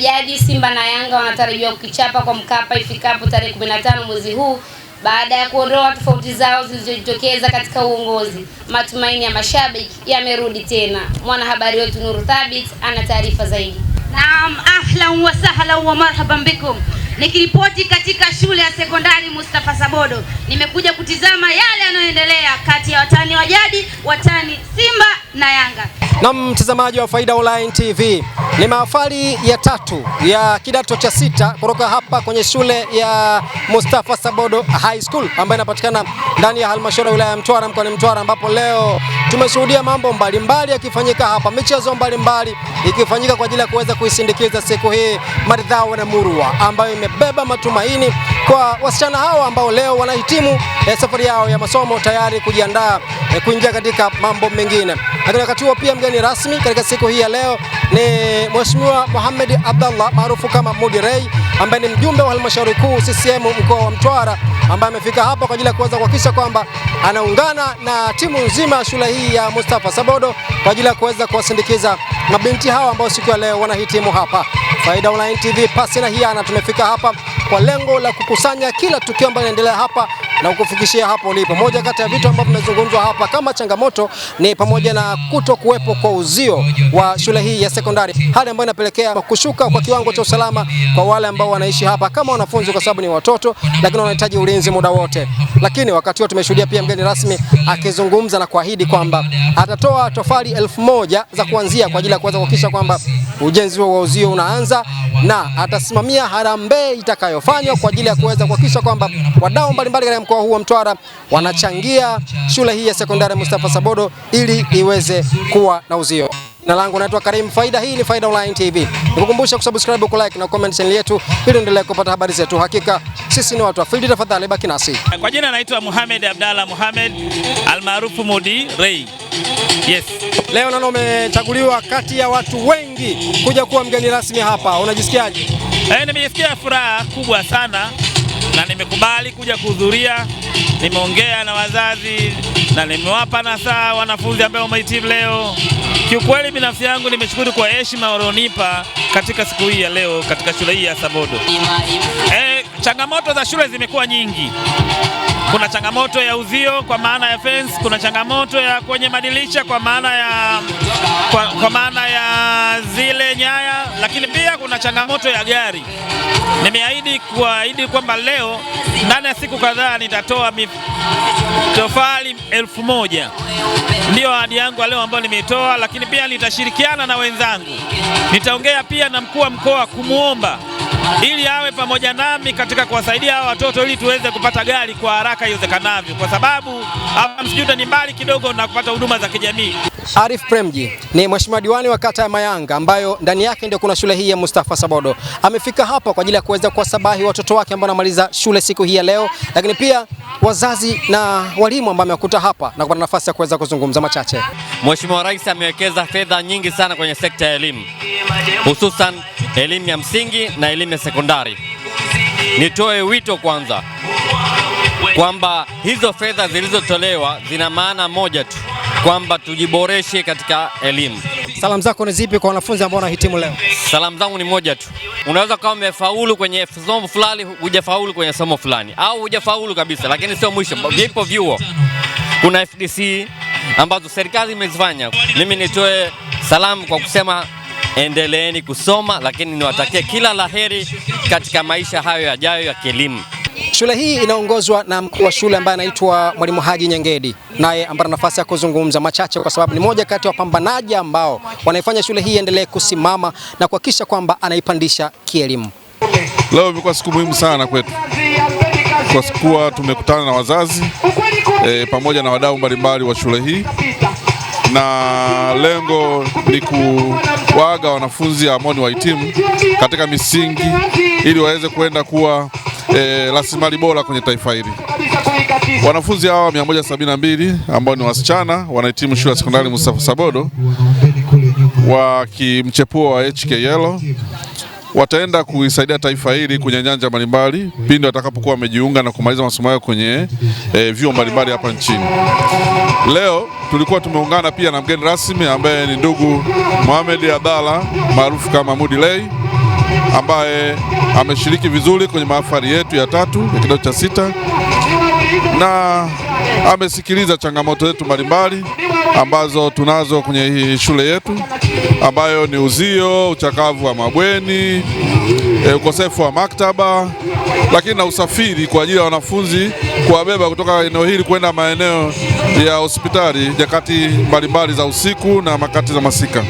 majaji, Simba na Yanga wanatarajiwa kukichapa kwa Mkapa ifikapo tarehe 15 mwezi huu baada ya kuondoa tofauti zao zilizojitokeza katika uongozi. Matumaini ya mashabiki yamerudi tena. Mwanahabari wetu Nuru Thabit ana taarifa zaidi. Naam, ahlan wa sahlan wa marhaban bikum. Nikiripoti katika shule ya sekondari Mustafa Sabodo, nimekuja kutizama yale yanayoendelea kati ya watani wa jadi, watani Simba na Yanga. Na mtazamaji wa Faida Online TV, ni mahafali ya tatu ya kidato cha sita kutoka hapa kwenye shule ya Mustafa Sabodo High School ambayo inapatikana ndani ya halmashauri ya wilaya ya Mtwara mkoani Mtwara, ambapo leo tumeshuhudia mambo mbalimbali yakifanyika hapa, michezo mbalimbali ikifanyika kwa ajili ya kuweza kuisindikiza siku hii maridhawa na murua ambayo imebeba matumaini kwa wasichana hawa ambao leo wanahitimu eh, safari yao ya masomo tayari kujiandaa eh, kuingia katika mambo mengine, lakini wakati huo pia mgeni rasmi katika siku hii ya leo ni Mheshimiwa Mohamed Abdallah maarufu kama Mudirei ambaye ni mjumbe wa halmashauri kuu CCM mkoa wa Mtwara ambaye amefika hapa kwa ajili ya kuweza kuhakikisha kwamba anaungana na timu nzima ya shule hii ya Mustafa Sabodo kwa ajili ya kuweza kuwasindikiza mabinti hawa ambao siku ya leo wanahitimu hapa. Faida Online TV pasi na hiana, tumefika hapa kwa lengo la kukusanya kila tukio ambalo linaendelea hapa na kukufikishia hapo ulipo. Moja kati ya vitu ambavyo vinazungumzwa hapa kama changamoto ni pamoja na kuto kuwepo kwa uzio wa shule hii ya sekondari, hali ambayo inapelekea kushuka kwa kiwango cha usalama kwa wale ambao wanaishi hapa kama wanafunzi, kwa sababu ni watoto, lakini wanahitaji ulinzi muda wote. Lakini wakati huo tumeshuhudia pia mgeni rasmi akizungumza na kuahidi kwamba atatoa tofali elfu moja za kuanzia kwa ajili ya kuweza kuhakikisha kwamba ujenzi wa uzio unaanza na atasimamia harambee itakayofanywa kwa ajili ya kuweza kuhakikisha kwamba wadau mbalimbali katika mkoa huu wa Mtwara wanachangia shule hii ya sekondari Mustafa Sabodo ili iweze kuwa na uzio. Jina langu naitwa Karim Faida. Hii ni Faida Online TV, nikukumbusha kusubscribe, kulike na comment channel yetu ili endelee kupata habari zetu. Hakika sisi ni watu wa field, tafadhali baki nasi. Kwa jina naitwa Muhammad Abdalla Mohamed almaarufu Mudi Ray. Yes. Leo naona umechaguliwa kati ya watu wengi kuja kuwa mgeni rasmi hapa, unajisikiaje? Eh, nimejisikia furaha kubwa sana na nimekubali kuja kuhudhuria. Nimeongea na wazazi na nimewapa nasaha wanafunzi ambao wamehitimu leo. Kiukweli binafsi yangu nimeshukuru kwa heshima walionipa katika siku hii ya leo katika shule hii ya Sabodo. E, changamoto za shule zimekuwa nyingi. Kuna changamoto ya uzio kwa maana ya fence, kuna changamoto ya kwenye madirisha kwa maana ya, kwa, kwa maana ya zile nyaya, lakini pia kuna changamoto ya gari. Nimeahidi kuahidi kwamba leo ndani ya siku kadhaa nitatoa tofali elfu moja. Ndiyo ahadi yangu leo ambayo nimeitoa, lakini pia nitashirikiana na wenzangu, nitaongea pia na mkuu wa mkoa kumwomba ili awe pamoja nami katika kuwasaidia hawa watoto ili tuweze kupata gari kwa haraka iwezekanavyo, kwa sababu hapa Msijuta ni mbali kidogo na kupata huduma za kijamii. Arif Premji ni mheshimiwa diwani wa kata ya Mayanga ambayo ndani yake ndio kuna shule hii ya Mustafa Sabodo. Amefika hapa kwa ajili ya kuweza kuwasabahi watoto wake ambao wanamaliza shule siku hii ya leo, lakini pia wazazi na walimu ambao amewakuta hapa na kupata nafasi ya kuweza kuzungumza machache. Mheshimiwa Rais amewekeza fedha nyingi sana kwenye sekta ya elimu, hususan elimu ya msingi na elimu ya sekondari. Nitoe wito kwanza kwamba hizo fedha zilizotolewa zina maana moja tu kwamba tujiboreshe katika elimu. Salamu zako ni zipi kwa wanafunzi ambao wanahitimu leo? Salamu zangu ni moja tu, unaweza ukawa umefaulu kwenye somo fulani, hujafaulu kwenye somo fulani, au hujafaulu kabisa, lakini sio mwisho. Vipo vyuo, kuna FDC ambazo serikali imezifanya. Mimi nitoe salamu kwa kusema endeleeni kusoma, lakini niwatakie kila laheri katika maisha hayo yajayo ya kielimu. Shule hii inaongozwa na mkuu wa shule ambaye anaitwa Mwalimu Haji Nyengedi, naye ambaye ana nafasi ya kuzungumza machache, kwa sababu ni moja kati ya wapambanaji ambao wanaifanya shule hii endelee kusimama na kuhakikisha kwamba anaipandisha kielimu. Leo imekuwa siku muhimu sana kwetu kwa kuwa tumekutana na wazazi e, pamoja na wadau mbalimbali wa shule hii, na lengo ni kuwaga wanafunzi ambao ni wahitimu katika misingi ili waweze kwenda kuwa Eh, rasilimali e, bora kwenye taifa hili. Wanafunzi hawa 172 ambao ni wasichana wanahitimu shule ya sekondari Mustafa Sabodo kimchepuo wa HKL wataenda kuisaidia taifa hili kwenye nyanja mbalimbali pindi watakapokuwa wamejiunga na kumaliza masomo yao kwenye e, vyuo mbalimbali hapa nchini. Leo tulikuwa tumeungana pia na mgeni rasmi ambaye ni ndugu Mohamed Abdalla maarufu kama Mudi Lay ambaye ameshiriki vizuri kwenye mahafali yetu ya tatu ya kidato cha sita na amesikiliza changamoto zetu mbalimbali ambazo tunazo kwenye hii shule yetu ambayo ni uzio, uchakavu wa mabweni, e, ukosefu wa maktaba, lakini na usafiri kwa ajili ya wanafunzi kuwabeba kutoka eneo hili kwenda maeneo ya hospitali nyakati mbalimbali za usiku na makati za masika.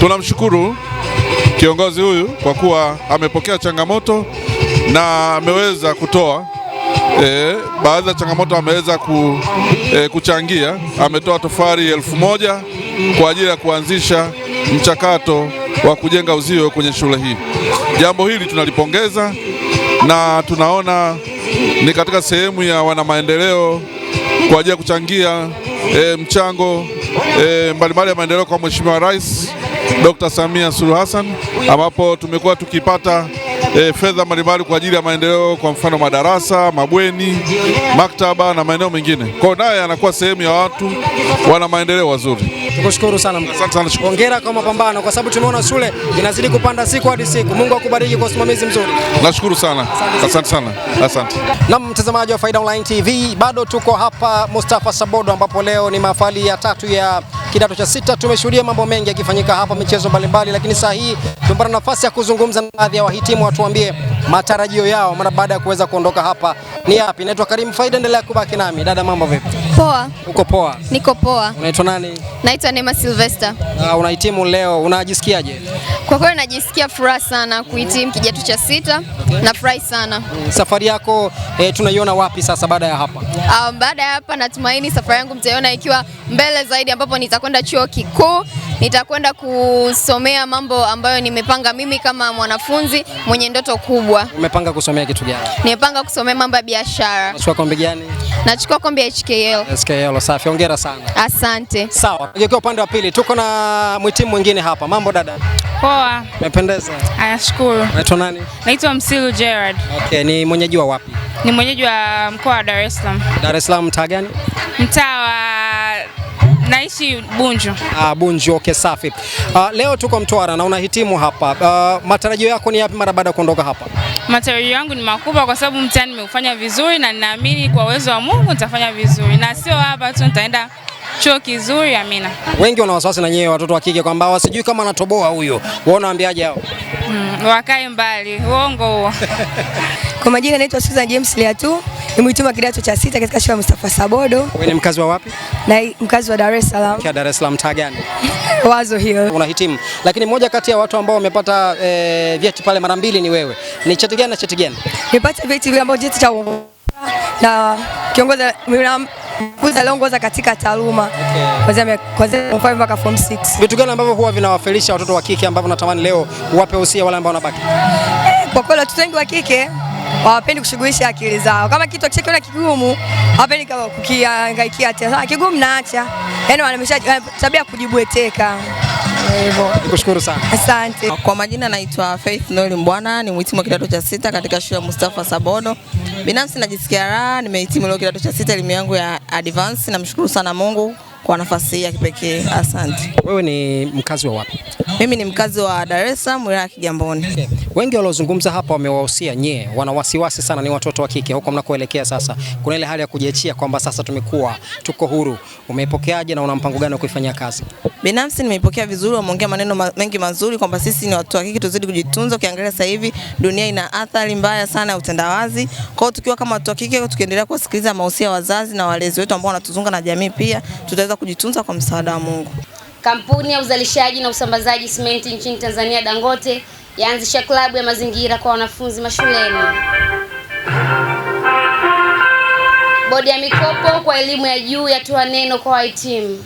Tunamshukuru kiongozi huyu kwa kuwa amepokea changamoto na ameweza kutoa E, baadhi ya changamoto ameweza ku, e, kuchangia. Ametoa tofali elfu moja kwa ajili ya kuanzisha mchakato wa kujenga uzio kwenye shule hii. Jambo hili tunalipongeza na tunaona ni katika sehemu ya wana maendeleo kwa ajili ya kuchangia e, mchango e, mbalimbali ya maendeleo kwa Mheshimiwa Rais Dr. Samia Suluhu Hassan, ambapo tumekuwa tukipata e, fedha mbalimbali kwa ajili ya maendeleo, kwa mfano madarasa, mabweni, maktaba na maeneo mengine. Kwa hiyo naye anakuwa sehemu ya watu wana maendeleo wazuri. Tukushukuru sana hongera kwa mapambano, kwa sababu tumeona shule inazidi kupanda siku hadi siku. Mungu akubariki kwa usimamizi mzuri. Nashukuru sana, asante sana, asante. Na mtazamaji wa Faida Online TV, bado tuko hapa Mustafa Sabodo, ambapo leo ni mahafali ya tatu ya kidato cha sita. Tumeshuhudia mambo mengi yakifanyika hapa, michezo mbalimbali, lakini saa hii tumepata nafasi ya kuzungumza na baadhi ya wahitimu, watuambie matarajio yao mara baada ya kuweza kuondoka hapa ni yapi. Naitwa Karim Faida, endelea kubaki nami. Dada, mambo vipi? Poa. Uko poa? Niko poa. Unaitwa nani? Naitwa Neema Sylvester. Uh, unahitimu leo, unajisikiaje? Kwa kweli najisikia furaha sana kuhitimu kidato cha sita. Okay. Nafurahi sana. Mm, safari yako eh, tunaiona wapi sasa baada ya hapa? Um, baada ya hapa natumaini safari yangu mtaiona ikiwa mbele zaidi ambapo nitakwenda chuo kikuu nitakwenda kusomea mambo ambayo nimepanga mimi kama mwanafunzi mwenye ndoto kubwa. Umepanga kusomea kitu gani? Nimepanga kusomea mambo ya biashara. Unachukua kombi gani? Nachukua kombi ya HKL. HKL, safi. Hongera sana. Asante. Sawa. Kwa upande wa pili tuko na mwitimu mwingine hapa. Mambo dada? Poa. Mependeza. Ayashukuru. Unaitwa nani? Naitwa Msilu Gerard. Okay, ni mwenyeji wa wapi? Ni mwenyeji wa mkoa wa Dar es Salaam. Dar es Salaam mtaa gani? Mtaa wa Naishi Bunju. Ah, Bunju, okay, safi. Ah, leo tuko Mtwara na unahitimu hapa. Ah, matarajio yako ni yapi mara baada ya kuondoka hapa? Matarajio yangu ni makubwa kwa sababu mtihani nimeufanya vizuri na ninaamini kwa uwezo wa Mungu nitafanya vizuri na sio hapa tu nitaenda chuo kizuri Amina. Wengi wana wasiwasi na nyewe watoto wa kike kwamba wasijui kama anatoboa huyo, wao naambiaje hao? Mm, wakae mbali, uongo huo. Kwa majina naitwa Susan James Liatu, ni mhitimu kidato cha sita katika shule ya Mustafa Sabodo. Wewe ni mkazi wa wapi? Na mkazi wa Dar es Salaam. Kwa Dar es Salaam mtaa gani? Wazo hiyo. Unahitimu. Lakini moja kati ya watu ambao wamepata e, vyeti pale mara mbili ni wewe. Ni cheti gani na cheti gani? Nipata vyeti vile ambavyo cheti cha na kiongozi aliongoza katika taaluma kuanzia mpaka form 6. Vitu gani ambavyo huwa vinawafelisha watoto wa kike ambavyo natamani leo uwape usia wale ambao wanabaki? Eh, kwa kweli watoto wengi wa kike hawapendi kushughulisha akili zao, kama kitu akishakiona kigumu hawapendi kukiangaikia tena. Kigumu naacha, yaani wamesha tabia kujibweteka hivyo. Nikushukuru sana. Asante. Kwa majina naitwa Faith Noel Mbwana, ni mhitimu wa kidato cha sita katika shule ya Mustafa Sabodo. Binafsi najisikia raha, nimehitimu leo kidato cha sita elimu yangu ya advance. Namshukuru sana Mungu kwa nafasi hii ya kipekee. Asante. Wewe ni mkazi wa wapi? Mimi ni mkazi wa Dar es Salaam, wilaya ya Kigamboni. Wengi waliozungumza hapa wamewahusia nyie, wana wasiwasi sana, ni watoto wa kike huko mnakoelekea sasa, kuna ile hali ya kujiachia kwamba sasa tumekuwa tuko huru. Umeipokeaje na una mpango gani wa kuifanyia kazi? Binafsi nimeipokea vizuri, wameongea maneno ma mengi mazuri kwamba sisi ni watoto wa kike tuzidi kujitunza. Ukiangalia sasa hivi dunia ina athari mbaya sana ya utandawazi, kwa hiyo tukiwa kama watoto wa kike tukiendelea kuwasikiliza mahusia wazazi na walezi wetu ambao wanatuzunga na jamii pia tutaweza kuweza kujitunza kwa msaada wa Mungu. Kampuni ya uzalishaji na usambazaji simenti nchini Tanzania Dangote yaanzisha klabu ya mazingira kwa wanafunzi mashuleni. Bodi ya mikopo kwa elimu ya juu yatoa neno kwa wahitimu.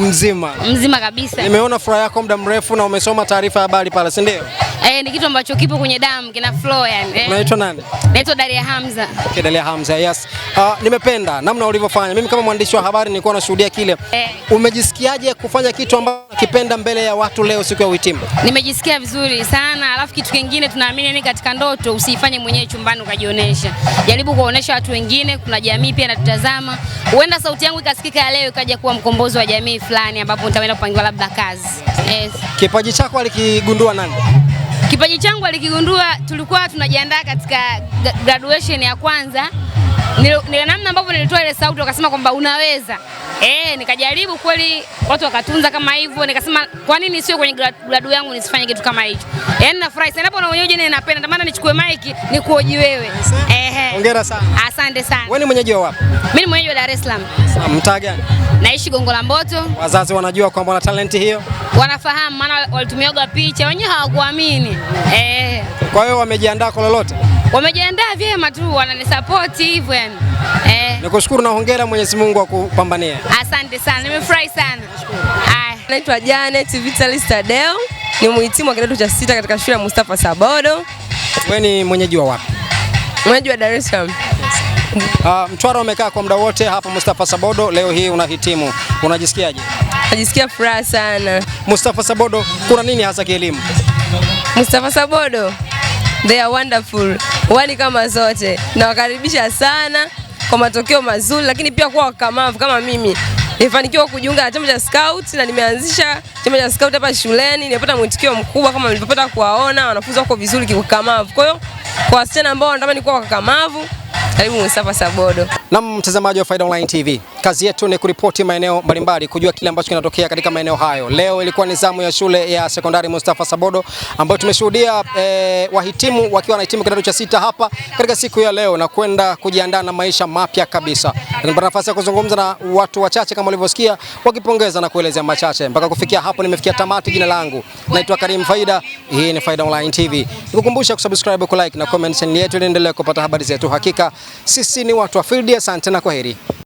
Mzima mzima kabisa. Nimeona furaha yako muda mrefu na umesoma taarifa ya habari pale, si ndio? Eh, ni kitu ambacho kipo kwenye damu, kina flow yani. Eh. Unaitwa nani? Naitwa Dalia Hamza. Okay, Dalia Hamza. Yes. Uh, nimependa namna ulivyofanya. Mimi kama mwandishi wa habari nilikuwa nashuhudia kile. Eh. Umejisikiaje kufanya kitu ambacho kipenda mbele ya watu leo siku ya uhitimu? Nimejisikia vizuri sana. Alafu kitu kingine tunaamini ni katika ndoto usifanye mwenyewe chumbani ukajionesha. Jaribu kuonesha watu wengine, kuna jamii pia inatutazama. Huenda sauti yangu ikasikika ya leo ikaja kuwa mkombozi wa jamii fulani ambapo nitaenda kupangiwa labda kazi. Yes. Kipaji chako alikigundua nani? Kipaji changu alikigundua, tulikuwa tunajiandaa katika graduation ya kwanza ni namna ambavyo nilitoa ile sauti, wakasema kwamba unaweza eh, nikajaribu kweli, watu wakatunza kama hivyo. Nikasema kwa nini sio kwenye gradu yangu nisifanye kitu kama hicho? Yaani nafurahi sana hapo na mwenyeji, jina napenda tamana nichukue mic nikuoji wewe. Ehe, hongera sana, asante sana. Wewe ni mwenyeji wa wapi? Mimi ni mwenyeji wa Dar es Salaam. Mtaa gani? Naishi Gongo la Mboto. Wazazi wanajua kwamba una talenti hiyo, wanafahamu, maana walitumiaga picha, wenyewe hawakuamini. Eh, kwa hiyo wamejiandaa kwa lolote wamejiandaa vyema tu, wananisapoti hivyo yani. Eh. Nikushukuru na hongera, Mwenyezi Mungu akupambanie. Asante sana, nimefurahi sana. Haya. Naitwa Janet Vitalis Tadeo, ni mhitimu wa kidato cha sita katika shule ya Mustafa Sabodo. Wewe ni mwenyeji wa wapi? Mwenyeji wa Dar es Salaam. Uh, Mtwara umekaa kwa muda wote hapa Mustafa Sabodo, leo hii unahitimu, unajisikiaje? Najisikia furaha sana. Mustafa Sabodo kuna nini hasa kielimu? Mustafa Sabodo They are wonderful, wani kama zote. Nawakaribisha sana kwa matokeo mazuri, lakini pia kuwa wakamavu kama mimi. Nilifanikiwa kujiunga na chama cha scout na nimeanzisha chama cha scout hapa shuleni. Nimepata mwitikio mkubwa kama nilipopata kuwaona wanafunzi wako vizuri kikakamavu. Kwa hiyo kwa wasichana ambao wanatamani kuwa wakakamavu, karibu Mustafa Sabodo. Na mtazamaji wa Faida Online TV. Kazi yetu ni kuripoti maeneo mbalimbali, kujua kile ambacho kinatokea katika maeneo hayo. Leo ilikuwa ni zamu ya shule ya sekondari Mustafa Sabodo ambayo tumeshuhudia eh, wahitimu wakiwa wanahitimu kidato cha sita hapa katika siku ya leo na kwenda kujiandaa na maisha mapya kabisa. Nimepata nafasi ya kuzungumza na watu wachache kama ulivyosikia wakipongeza na kuelezea machache. Mpaka kufikia hapo nimefikia tamati. Jina langu naitwa Karim Faida, hii ni Faida Online TV. Nikukumbusha kusubscribe, kulike na comment channel yetu ili endelee kupata habari zetu. Hakika sisi ni watu wa field. Asante na kwaheri.